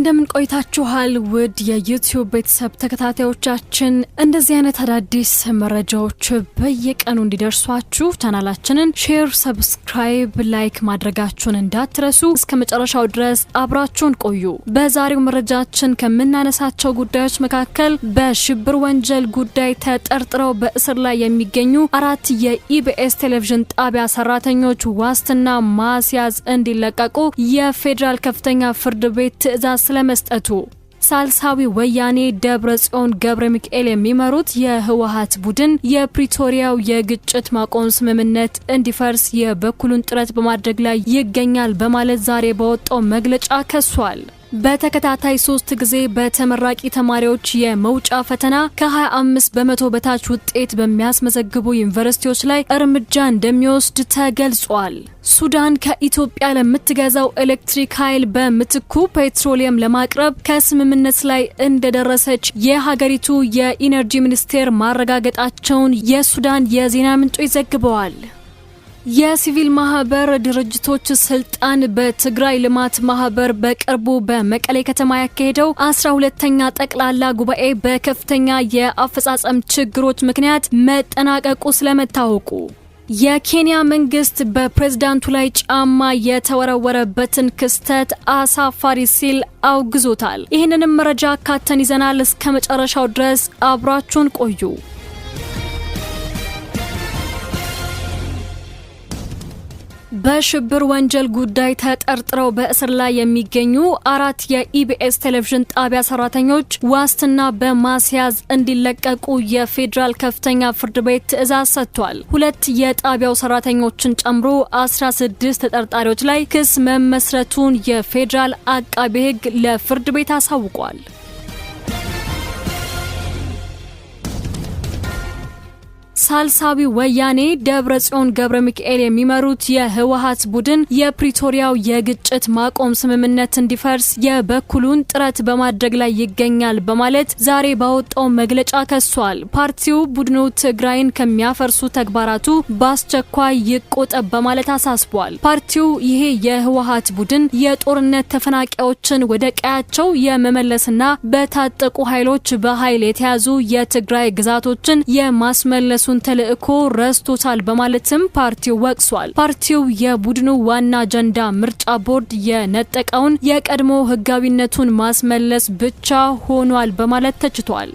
እንደምን ቆይታችኋል? ውድ የዩቲዩብ ቤተሰብ ተከታታዮቻችን፣ እንደዚህ አይነት አዳዲስ መረጃዎች በየቀኑ እንዲደርሷችሁ ቻናላችንን ሼር፣ ሰብስክራይብ፣ ላይክ ማድረጋችሁን እንዳትረሱ። እስከ መጨረሻው ድረስ አብራችሁን ቆዩ። በዛሬው መረጃችን ከምናነሳቸው ጉዳዮች መካከል በሽብር ወንጀል ጉዳይ ተጠርጥረው በእስር ላይ የሚገኙ አራት የኢቢኤስ ቴሌቪዥን ጣቢያ ሰራተኞች ዋስትና ማስያዝ እንዲለቀቁ የፌዴራል ከፍተኛ ፍርድ ቤት ትዕዛዝ ስለ ስለመስጠቱ ሳልሳዊ ወያኔ ደብረ ጽዮን ገብረ ሚካኤል የሚመሩት የህወሀት ቡድን የፕሪቶሪያው የግጭት ማቆም ስምምነት እንዲፈርስ የበኩሉን ጥረት በማድረግ ላይ ይገኛል በማለት ዛሬ በወጣው መግለጫ ከሷል። በተከታታይ ሶስት ጊዜ በተመራቂ ተማሪዎች የመውጫ ፈተና ከ25 በመቶ በታች ውጤት በሚያስመዘግቡ ዩኒቨርሲቲዎች ላይ እርምጃ እንደሚወስድ ተገልጿል። ሱዳን ከኢትዮጵያ ለምትገዛው ኤሌክትሪክ ኃይል በምትኩ ፔትሮሊየም ለማቅረብ ከስምምነት ላይ እንደደረሰች የሀገሪቱ የኢነርጂ ሚኒስቴር ማረጋገጣቸውን የሱዳን የዜና ምንጮች ዘግበዋል። የሲቪል ማህበር ድርጅቶች ስልጣን በትግራይ ልማት ማህበር በቅርቡ በመቀሌ ከተማ ያካሄደው አስራ ሁለተኛ ጠቅላላ ጉባኤ በከፍተኛ የአፈጻጸም ችግሮች ምክንያት መጠናቀቁ ስለመታወቁ የኬንያ መንግስት በፕሬዝዳንቱ ላይ ጫማ የተወረወረበትን ክስተት አሳፋሪ ሲል አውግዞታል። ይህንንም መረጃ አካተን ይዘናል። እስከ መጨረሻው ድረስ አብራችሁን ቆዩ። በሽብር ወንጀል ጉዳይ ተጠርጥረው በእስር ላይ የሚገኙ አራት የኢቢኤስ ቴሌቪዥን ጣቢያ ሰራተኞች ዋስትና በማስያዝ እንዲለቀቁ የፌዴራል ከፍተኛ ፍርድ ቤት ትዕዛዝ ሰጥቷል። ሁለት የጣቢያው ሰራተኞችን ጨምሮ 16 ተጠርጣሪዎች ላይ ክስ መመስረቱን የፌዴራል አቃቤ ሕግ ለፍርድ ቤት አሳውቋል። ሳልሳዊ ወያኔ ደብረ ጽዮን ገብረ ሚካኤል የሚመሩት የህወሀት ቡድን የፕሪቶሪያው የግጭት ማቆም ስምምነት እንዲፈርስ የበኩሉን ጥረት በማድረግ ላይ ይገኛል በማለት ዛሬ ባወጣው መግለጫ ከሷል። ፓርቲው ቡድኑ ትግራይን ከሚያፈርሱ ተግባራቱ በአስቸኳይ ይቆጠብ በማለት አሳስቧል። ፓርቲው ይሄ የህወሀት ቡድን የጦርነት ተፈናቃዮችን ወደ ቀያቸው የመመለስና በታጠቁ ኃይሎች በኃይል የተያዙ የትግራይ ግዛቶችን የማስመለሱን የቡድኑን ተልእኮ ረስቶታል በማለትም ፓርቲው ወቅሷል። ፓርቲው የቡድኑ ዋና አጀንዳ ምርጫ ቦርድ የነጠቀውን የቀድሞ ህጋዊነቱን ማስመለስ ብቻ ሆኗል በማለት ተችቷል።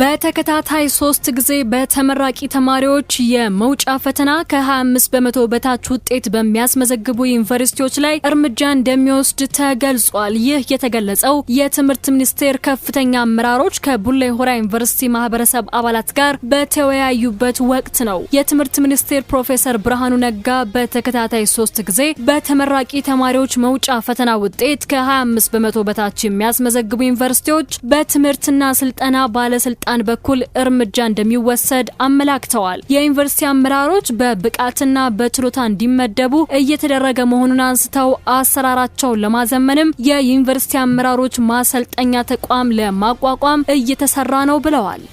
በተከታታይ ሶስት ጊዜ በተመራቂ ተማሪዎች የመውጫ ፈተና ከ25 በመቶ በታች ውጤት በሚያስመዘግቡ ዩኒቨርሲቲዎች ላይ እርምጃ እንደሚወስድ ተገልጿል። ይህ የተገለጸው የትምህርት ሚኒስቴር ከፍተኛ አመራሮች ከቡሌ ሆራ ዩኒቨርሲቲ ማህበረሰብ አባላት ጋር በተወያዩበት ወቅት ነው። የትምህርት ሚኒስቴር ፕሮፌሰር ብርሃኑ ነጋ በተከታታይ ሶስት ጊዜ በተመራቂ ተማሪዎች መውጫ ፈተና ውጤት ከ25 በመቶ በታች የሚያስመዘግቡ ዩኒቨርሲቲዎች በትምህርትና ስልጠና ባለስልጣ በስልጣን በኩል እርምጃ እንደሚወሰድ አመላክተዋል። የዩኒቨርሲቲ አመራሮች በብቃትና በችሎታ እንዲመደቡ እየተደረገ መሆኑን አንስተው አሰራራቸውን ለማዘመንም የዩኒቨርሲቲ አመራሮች ማሰልጠኛ ተቋም ለማቋቋም እየተሰራ ነው ብለዋል።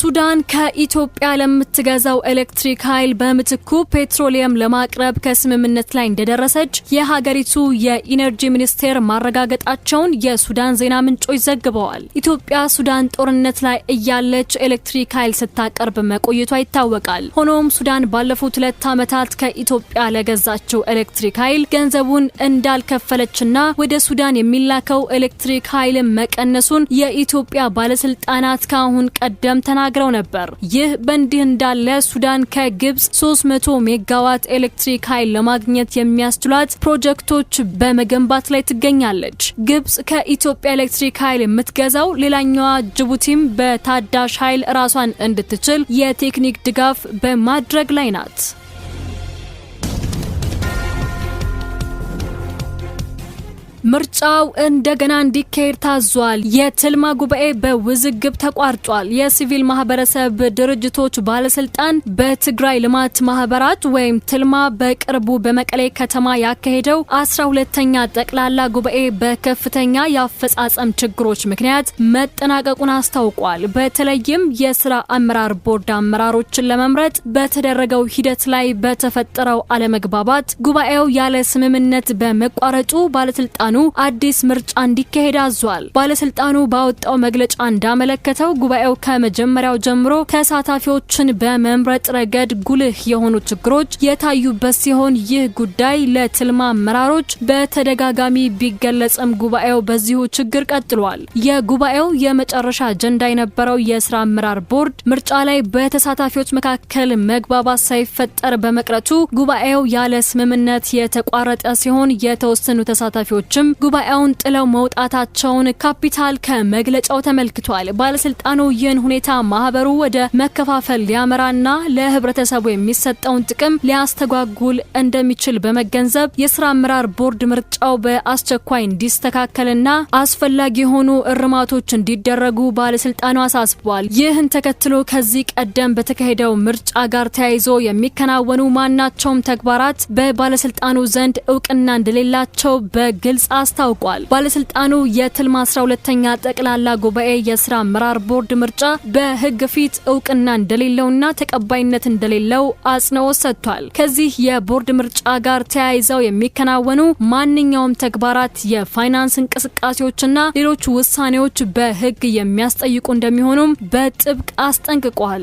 ሱዳን ከኢትዮጵያ ለምትገዛው ኤሌክትሪክ ኃይል በምትኩ ፔትሮሊየም ለማቅረብ ከስምምነት ላይ እንደደረሰች የሀገሪቱ የኢነርጂ ሚኒስቴር ማረጋገጣቸውን የሱዳን ዜና ምንጮች ዘግበዋል። ኢትዮጵያ ሱዳን ጦርነት ላይ እያለች ኤሌክትሪክ ኃይል ስታቀርብ መቆየቷ ይታወቃል። ሆኖም ሱዳን ባለፉት ሁለት ዓመታት ከኢትዮጵያ ለገዛችው ኤሌክትሪክ ኃይል ገንዘቡን እንዳልከፈለችና ወደ ሱዳን የሚላከው ኤሌክትሪክ ኃይልን መቀነሱን የኢትዮጵያ ባለስልጣናት ከአሁን ቀደም ተናግረዋል። ተናግረው ነበር። ይህ በእንዲህ እንዳለ ሱዳን ከግብጽ 300 ሜጋዋት ኤሌክትሪክ ኃይል ለማግኘት የሚያስችሏት ፕሮጀክቶች በመገንባት ላይ ትገኛለች። ግብጽ ከኢትዮጵያ ኤሌክትሪክ ኃይል የምትገዛው ሌላኛዋ ጅቡቲም በታዳሽ ኃይል ራሷን እንድትችል የቴክኒክ ድጋፍ በማድረግ ላይ ናት። ምርጫው እንደገና እንዲካሄድ ታዟል። የትልማ ጉባኤ በውዝግብ ተቋርጧል። የሲቪል ማህበረሰብ ድርጅቶች ባለስልጣን በትግራይ ልማት ማህበራት ወይም ትልማ በቅርቡ በመቀሌ ከተማ ያካሄደው አስራ ሁለተኛ ጠቅላላ ጉባኤ በከፍተኛ የአፈጻጸም ችግሮች ምክንያት መጠናቀቁን አስታውቋል። በተለይም የስራ አመራር ቦርድ አመራሮችን ለመምረጥ በተደረገው ሂደት ላይ በተፈጠረው አለመግባባት ጉባኤው ያለ ስምምነት በመቋረጡ ባለስልጣን ባለስልጣኑ አዲስ ምርጫ እንዲካሄድ አዟል። ባለስልጣኑ ባወጣው መግለጫ እንዳመለከተው ጉባኤው ከመጀመሪያው ጀምሮ ተሳታፊዎችን በመምረጥ ረገድ ጉልህ የሆኑ ችግሮች የታዩበት ሲሆን ይህ ጉዳይ ለትልማ አመራሮች በተደጋጋሚ ቢገለጽም ጉባኤው በዚሁ ችግር ቀጥሏል። የጉባኤው የመጨረሻ አጀንዳ የነበረው የስራ አመራር ቦርድ ምርጫ ላይ በተሳታፊዎች መካከል መግባባት ሳይፈጠር በመቅረቱ ጉባኤው ያለ ስምምነት የተቋረጠ ሲሆን የተወሰኑ ተሳታፊዎች ተወካዮችም ጉባኤውን ጥለው መውጣታቸውን ካፒታል ከመግለጫው ተመልክቷል። ባለስልጣኑ ይህን ሁኔታ ማህበሩ ወደ መከፋፈል ሊያመራና ለህብረተሰቡ የሚሰጠውን ጥቅም ሊያስተጓጉል እንደሚችል በመገንዘብ የስራ አመራር ቦርድ ምርጫው በአስቸኳይ እንዲስተካከልና አስፈላጊ የሆኑ እርማቶች እንዲደረጉ ባለስልጣኑ አሳስቧል። ይህን ተከትሎ ከዚህ ቀደም በተካሄደው ምርጫ ጋር ተያይዞ የሚከናወኑ ማናቸውም ተግባራት በባለስልጣኑ ዘንድ እውቅና እንደሌላቸው በግልጽ አስታውቋል። ባለስልጣኑ የትልማ 12 ሁለተኛ ጠቅላላ ጉባኤ የስራ አመራር ቦርድ ምርጫ በህግ ፊት እውቅና እንደሌለውና ተቀባይነት እንደሌለው አጽንኦት ሰጥቷል። ከዚህ የቦርድ ምርጫ ጋር ተያይዘው የሚከናወኑ ማንኛውም ተግባራት፣ የፋይናንስ እንቅስቃሴዎችና ሌሎች ውሳኔዎች በህግ የሚያስጠይቁ እንደሚሆኑም በጥብቅ አስጠንቅቋል።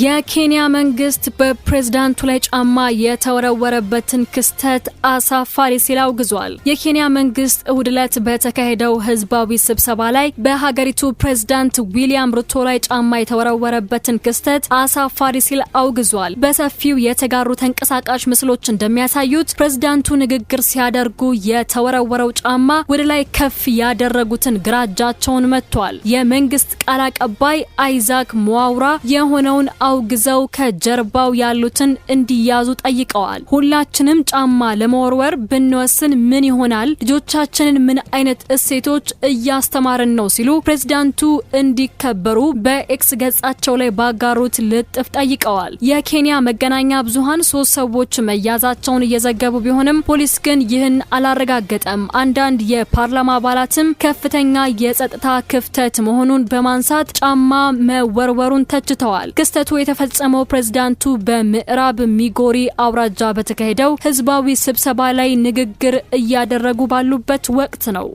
የኬንያ መንግስት በፕሬዝዳንቱ ላይ ጫማ የተወረወረበትን ክስተት አሳፋሪ ሲል አውግዟል። የኬንያ መንግስት እሁድ ዕለት በተካሄደው ህዝባዊ ስብሰባ ላይ በሀገሪቱ ፕሬዝዳንት ዊሊያም ሩቶ ላይ ጫማ የተወረወረበትን ክስተት አሳፋሪ ሲል አውግዟል። በሰፊው የተጋሩ ተንቀሳቃሽ ምስሎች እንደሚያሳዩት ፕሬዝዳንቱ ንግግር ሲያደርጉ የተወረወረው ጫማ ወደ ላይ ከፍ ያደረጉትን ግራ እጃቸውን መጥቷል። የመንግስት ቃል አቀባይ አይዛክ ሞዋውራ የሆነውን አውግዘው ከጀርባው ያሉትን እንዲያዙ ጠይቀዋል። ሁላችንም ጫማ ለመወርወር ብንወስን ምን ይሆናል? ልጆቻችንን ምን አይነት እሴቶች እያስተማርን ነው? ሲሉ ፕሬዝዳንቱ እንዲከበሩ በኤክስ ገጻቸው ላይ ባጋሩት ልጥፍ ጠይቀዋል። የኬንያ መገናኛ ብዙሃን ሶስት ሰዎች መያዛቸውን እየዘገቡ ቢሆንም ፖሊስ ግን ይህን አላረጋገጠም። አንዳንድ የፓርላማ አባላትም ከፍተኛ የጸጥታ ክፍተት መሆኑን በማንሳት ጫማ መወርወሩን ተችተዋል። ክስተቱ ጥቃቱ የተፈጸመው ፕሬዝዳንቱ በምዕራብ ሚጎሪ አውራጃ በተካሄደው ህዝባዊ ስብሰባ ላይ ንግግር እያደረጉ ባሉበት ወቅት ነው።